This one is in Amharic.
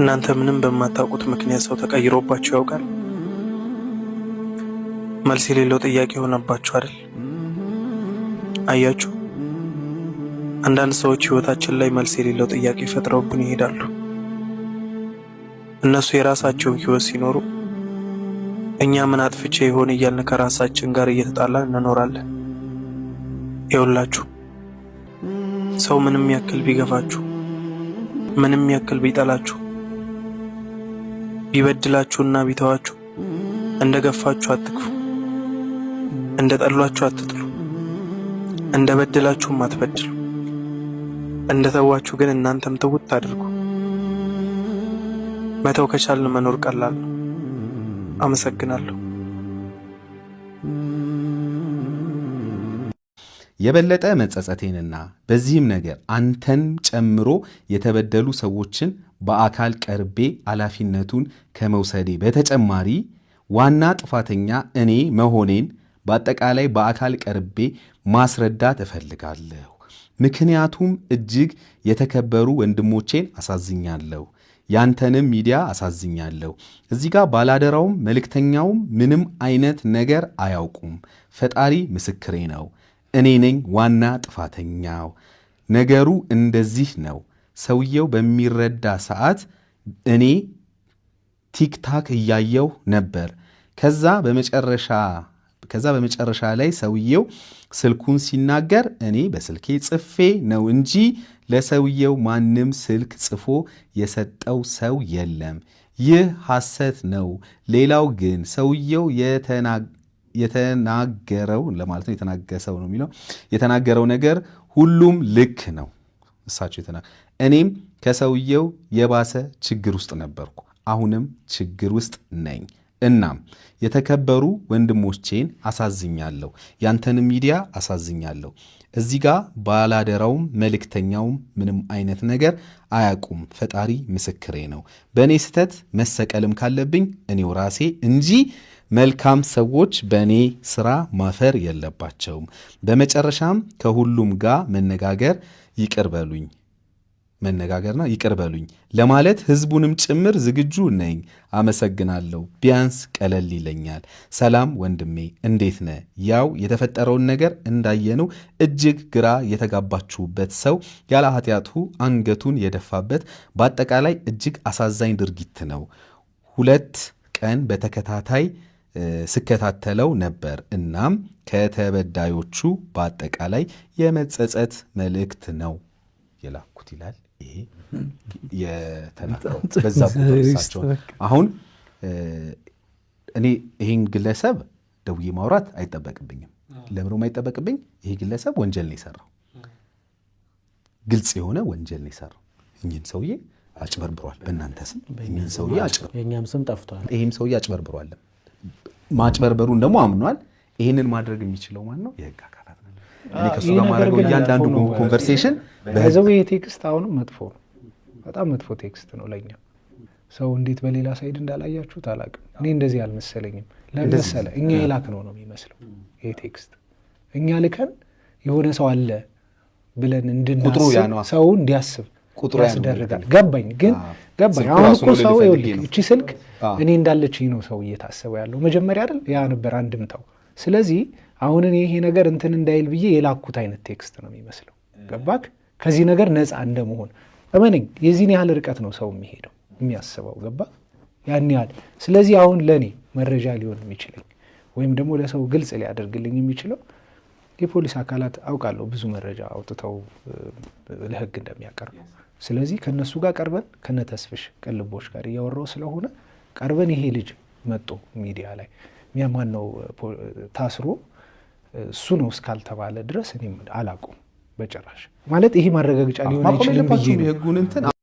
እናንተ ምንም በማታውቁት ምክንያት ሰው ተቀይሮባችሁ ያውቃል? መልስ የሌለው ጥያቄ ሆነባችሁ አይደል? አያችሁ፣ አንዳንድ ሰዎች ህይወታችን ላይ መልስ የሌለው ጥያቄ ፈጥረውብን ይሄዳሉ። እነሱ የራሳቸውን ህይወት ሲኖሩ እኛ ምን አጥፍቼ ይሆን እያልን ከራሳችን ጋር እየተጣላን እንኖራለን። ይኸውላችሁ ሰው ምንም ያክል ቢገፋችሁ ምንም ያክል ቢጠላችሁ ቢበድላችሁና ቢተዋችሁ እንደ ገፋችሁ አትግፉ፣ እንደ ጠሏችሁ አትጥሉ፣ እንደ በድላችሁም አትበድሉ። እንደ ተዋችሁ ግን እናንተም ትውት አድርጉ። መተው ከቻልን መኖር ቀላል ነው። አመሰግናለሁ። የበለጠ መጸጸቴንና በዚህም ነገር አንተን ጨምሮ የተበደሉ ሰዎችን በአካል ቀርቤ ኃላፊነቱን ከመውሰዴ በተጨማሪ ዋና ጥፋተኛ እኔ መሆኔን በአጠቃላይ በአካል ቀርቤ ማስረዳት እፈልጋለሁ። ምክንያቱም እጅግ የተከበሩ ወንድሞቼን አሳዝኛለሁ፣ ያንተንም ሚዲያ አሳዝኛለሁ። እዚህ ጋር ባላደራውም መልእክተኛውም ምንም አይነት ነገር አያውቁም። ፈጣሪ ምስክሬ ነው። እኔ ነኝ ዋና ጥፋተኛው። ነገሩ እንደዚህ ነው። ሰውየው በሚረዳ ሰዓት እኔ ቲክታክ እያየው ነበር። ከዛ በመጨረሻ ከዛ በመጨረሻ ላይ ሰውየው ስልኩን ሲናገር እኔ በስልኬ ጽፌ ነው እንጂ ለሰውየው ማንም ስልክ ጽፎ የሰጠው ሰው የለም። ይህ ሐሰት ነው። ሌላው ግን ሰውየው የተናገ የተናገረው ለማለት ነው። የተናገሰው ነው የሚለው የተናገረው ነገር ሁሉም ልክ ነው። እሳቸው የተና እኔም ከሰውየው የባሰ ችግር ውስጥ ነበርኩ፣ አሁንም ችግር ውስጥ ነኝ። እናም የተከበሩ ወንድሞቼን አሳዝኛለሁ፣ ያንተንም ሚዲያ አሳዝኛለሁ። እዚህ ጋር ባላደራውም መልእክተኛውም ምንም አይነት ነገር አያውቁም። ፈጣሪ ምስክሬ ነው። በእኔ ስህተት መሰቀልም ካለብኝ እኔው ራሴ እንጂ መልካም ሰዎች በእኔ ስራ ማፈር የለባቸውም። በመጨረሻም ከሁሉም ጋር መነጋገር ይቅር በሉኝ። መነጋገርና ይቅር በሉኝ ለማለት ህዝቡንም ጭምር ዝግጁ ነኝ። አመሰግናለሁ። ቢያንስ ቀለል ይለኛል። ሰላም ወንድሜ፣ እንዴት ነ ያው የተፈጠረውን ነገር እንዳየነው እጅግ ግራ የተጋባችሁበት ሰው ያለ ኃጢአቱ አንገቱን የደፋበት በአጠቃላይ እጅግ አሳዛኝ ድርጊት ነው። ሁለት ቀን በተከታታይ ስከታተለው ነበር። እናም ከተበዳዮቹ በአጠቃላይ የመጸጸት መልእክት ነው የላኩት ይላል። የተናበዛ አሁን እኔ ይህን ግለሰብ ደውዬ ማውራት አይጠበቅብኝም። ለምሮ አይጠበቅብኝ። ይሄ ግለሰብ ወንጀል ነው የሰራው፣ ግልጽ የሆነ ወንጀል ነው የሰራው። እኝን ሰውዬ አጭበርብሯል፣ በእናንተ ስም እኝን ሰውዬ የእኛም ስም ጠፍቷል። ይህም ሰውዬ አጭበርብሯል፣ ማጭበርበሩን ደግሞ አምኗል። ይህንን ማድረግ የሚችለው ማን ነው? የህግ አካል እኔ ከሱ ጋር ማድረገው እያንዳንዱ ኮንቨርሴሽን በዘው ይሄ ቴክስት አሁንም መጥፎ ነው፣ በጣም መጥፎ ቴክስት ነው ለኛ። ሰው እንዴት በሌላ ሳይድ እንዳላያችሁት አላውቅም። እኔ እንደዚህ አልመሰለኝም። ለመሰለ እኛ የላክ ነው ነው የሚመስለው ይሄ ቴክስት። እኛ ልከን የሆነ ሰው አለ ብለን እንድናስብ ሰው እንዲያስብ ያስደርጋል። ገባኝ ግን ገባኝ። አሁን እኮ ሰው ይኸውልህ፣ እቺ ስልክ እኔ እንዳለችኝ ነው ሰው እየታሰበ ያለው መጀመሪያ አይደል? ያ ነበር አንድምታው። ስለዚህ አሁንን ይሄ ነገር እንትን እንዳይል ብዬ የላኩት አይነት ቴክስት ነው የሚመስለው። ገባክ? ከዚህ ነገር ነፃ እንደመሆን እመነኝ፣ የዚህን ያህል ርቀት ነው ሰው የሚሄደው የሚያስበው። ገባክ? ያን ያህል ስለዚህ አሁን ለእኔ መረጃ ሊሆን የሚችለኝ ወይም ደግሞ ለሰው ግልጽ ሊያደርግልኝ የሚችለው የፖሊስ አካላት አውቃለሁ ብዙ መረጃ አውጥተው ለህግ እንደሚያቀርቡ። ስለዚህ ከነሱ ጋር ቀርበን ከነ ተስፍሽ ቅልቦች ጋር እያወራው ስለሆነ ቀርበን ይሄ ልጅ መጦ ሚዲያ ላይ ማነው ታስሮ እሱ ነው እስካልተባለ ድረስ እኔም አላቁም በጭራሽ ማለት ይሄ ማረጋገጫ ሊሆን አይችልም ብዬ ነው